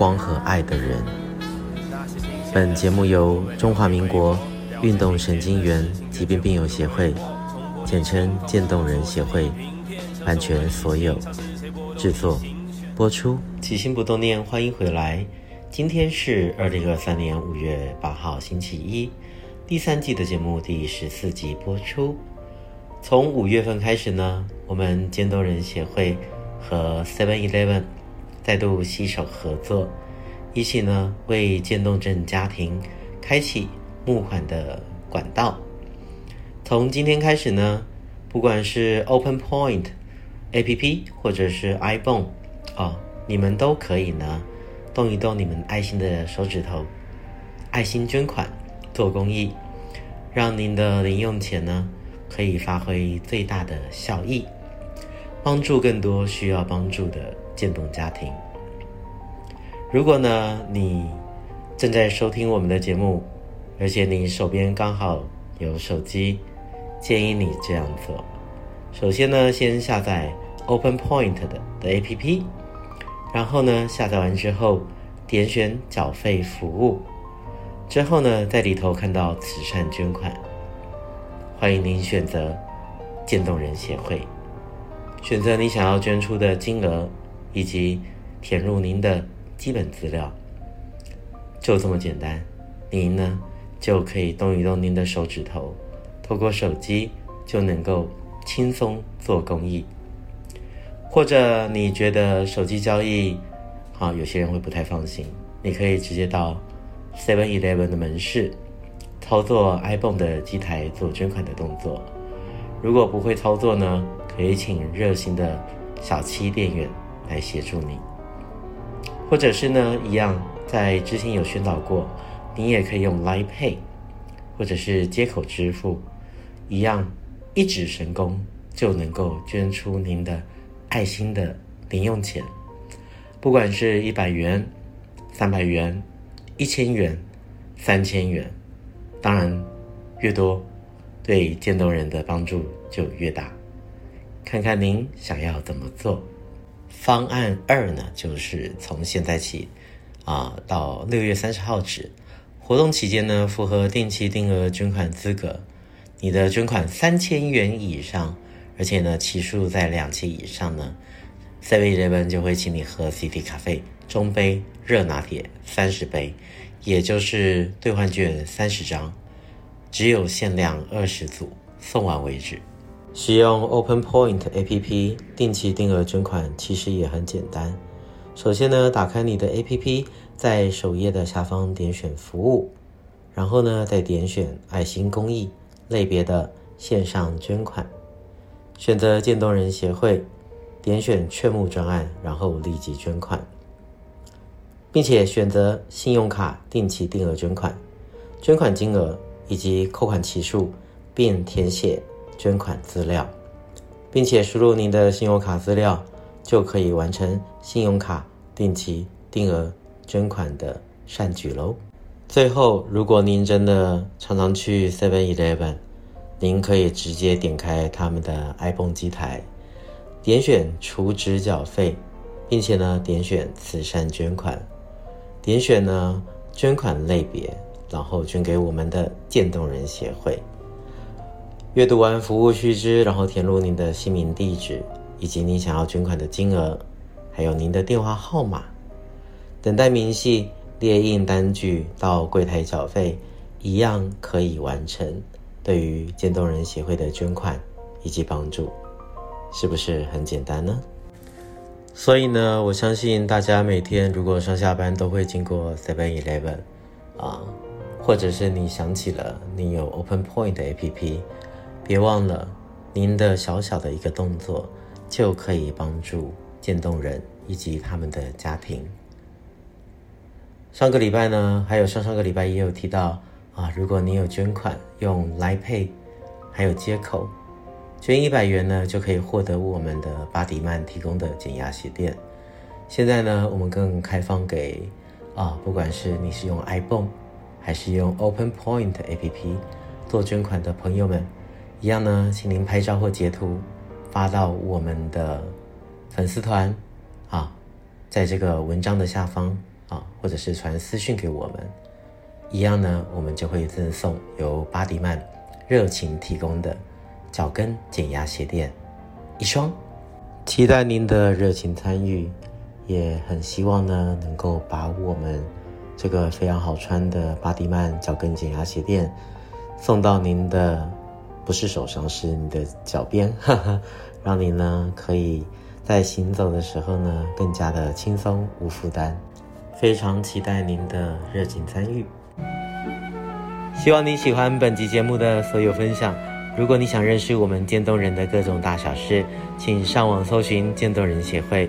光和愛的人。本節目由中華民國運動神經元疾病病友協會，簡稱漸凍人協會，版權所有，製作播出。起心不凍念，歡迎回來。今天是二零二三年五月八號星期一，第三季的節目第十四集播出。從五月份開始呢，我們漸凍人協會和 Seven Eleven。再度攜手合作，一起呢為漸凍症家庭開啟募款的管道。從今天開始呢，不管是 Open Point APP 或者是 ibon 啊、哦，你們都可以呢動一動你們愛心的手指頭，愛心捐款做公益，讓您的零用錢呢可以發揮最大的效益，幫助更多需要幫助的。漸凍家庭，如果呢你正在收聽我們的節目，而且你手邊剛好有手機，建議你這樣做：首先呢，先下載 Open Point 的的 APP，然後呢，下載完之後，點選繳費服務，之後呢，在裡頭看到慈善捐款，歡迎您選擇漸凍人協會，選擇你想要捐出的金額。以及填入您的基本資料，就這麼簡單，您呢就可以動一動您的手指頭，透過手機就能夠輕鬆做公益。或者你覺得手機交易，啊，有些人會不太放心，你可以直接到 Seven Eleven 的門市操作 ibon 的機台做捐款的動作。如果不會操作呢，可以請熱心的小七店員。來協助你，或者是呢，一樣在之前有宣導過，你也可以用 LINE Pay，或者是街口支付，一樣一指神功就能夠捐出您的愛心的零用錢，不管是一百元、三百元、一千元、三千元，當然越多對漸凍人的幫助就越大，看看您想要怎麼做。方案二呢，就是從現在起，啊、呃，到六月三十號止，活動期間呢，符合定期定額捐款資格，你的捐款三千元以上，而且呢，期數在兩期以上呢，Seven Eleven 就會請你喝 City Café，中杯熱拿鐵三十杯，也就是兌換券三十張，只有限量二十組，送完為止。使用 Open Point A P P 定期定額捐款其實也很簡單。首先呢，打開你的 A P P，在首頁的下方點選服務，然後呢再點選愛心公益類別的線上捐款，選擇漸凍人協會，點選勸募專案，然後立即捐款，並且選擇信用卡定期定額捐款，捐款金額以及扣款期數，並填寫，捐款資料，並且輸入您的信用卡資料，就可以完成信用卡定期定額捐款的善舉嘍。最後，如果您真的常常去 Seven Eleven，您可以直接點開他們的 ibon 機台，點選儲值繳費，並且呢點選慈善捐款，點選呢捐款類別，然後捐給我們的漸凍人協會。閱讀完服務須知，然後填入您的姓名、地址，以及您想要捐款的金額，還有您的電話號碼。等待明細列印單據到櫃檯繳費，一樣可以完成對於漸凍人協會的捐款以及幫助，是不是很簡單呢？所以呢，我相信大家每天如果上下班都會經過 Seven Eleven，啊，或者是你想起了你有 Open Point 的 APP。別忘了，您的小小的一個動作，就可以幫助漸凍人以及他們的家庭。上個禮拜呢，還有上上個禮拜也有提到啊，如果你有捐款用 LINE Pay，還有街口，捐一百元呢，就可以獲得我們的巴迪曼提供的減壓鞋墊。現在呢，我們更開放給啊，不管是你是用 ibon 還是用 Open Point APP 做捐款的朋友們。一樣呢，請您拍照或截圖發到我們的粉絲團啊，在這個文章的下方啊，或者是傳私訊給我們。一樣呢，我們就會贈送由巴迪曼熱情提供的腳跟減壓鞋墊一雙。期待您的熱情參與，也很希望呢能夠把我們這個非常好穿的巴迪曼腳跟減壓鞋墊送到您的。不是手上，是你的腳邊， 讓你呢可以在行走的時候呢更加的輕鬆無負擔。非常期待您的熱情參與。希望你喜歡本集節目的所有分享。如果你想認識我們漸凍人的各種大小事，請上網搜尋漸凍人協會，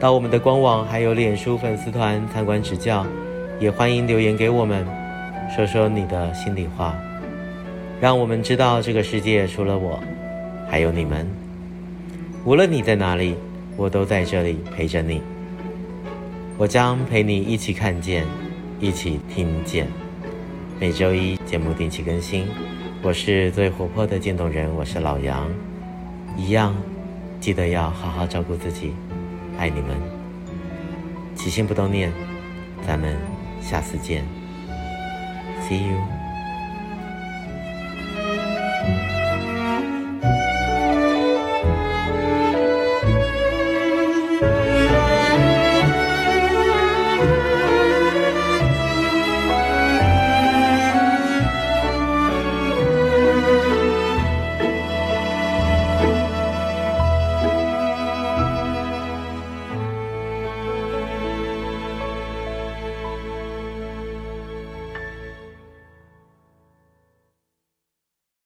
到我們的官網還有臉書粉絲團參觀指教，也歡迎留言給我們，說說你的心裡話。讓我們知道這個世界除了我，還有你們。無論你在哪裡，我都在這裡陪着你。我將陪你一起看見，一起聽見。每週一節目定期更新，我是最活潑的漸凍人，我是老楊。一樣，記得要好好照顧自己。愛你們，起心不凍念，咱們下次見。See you.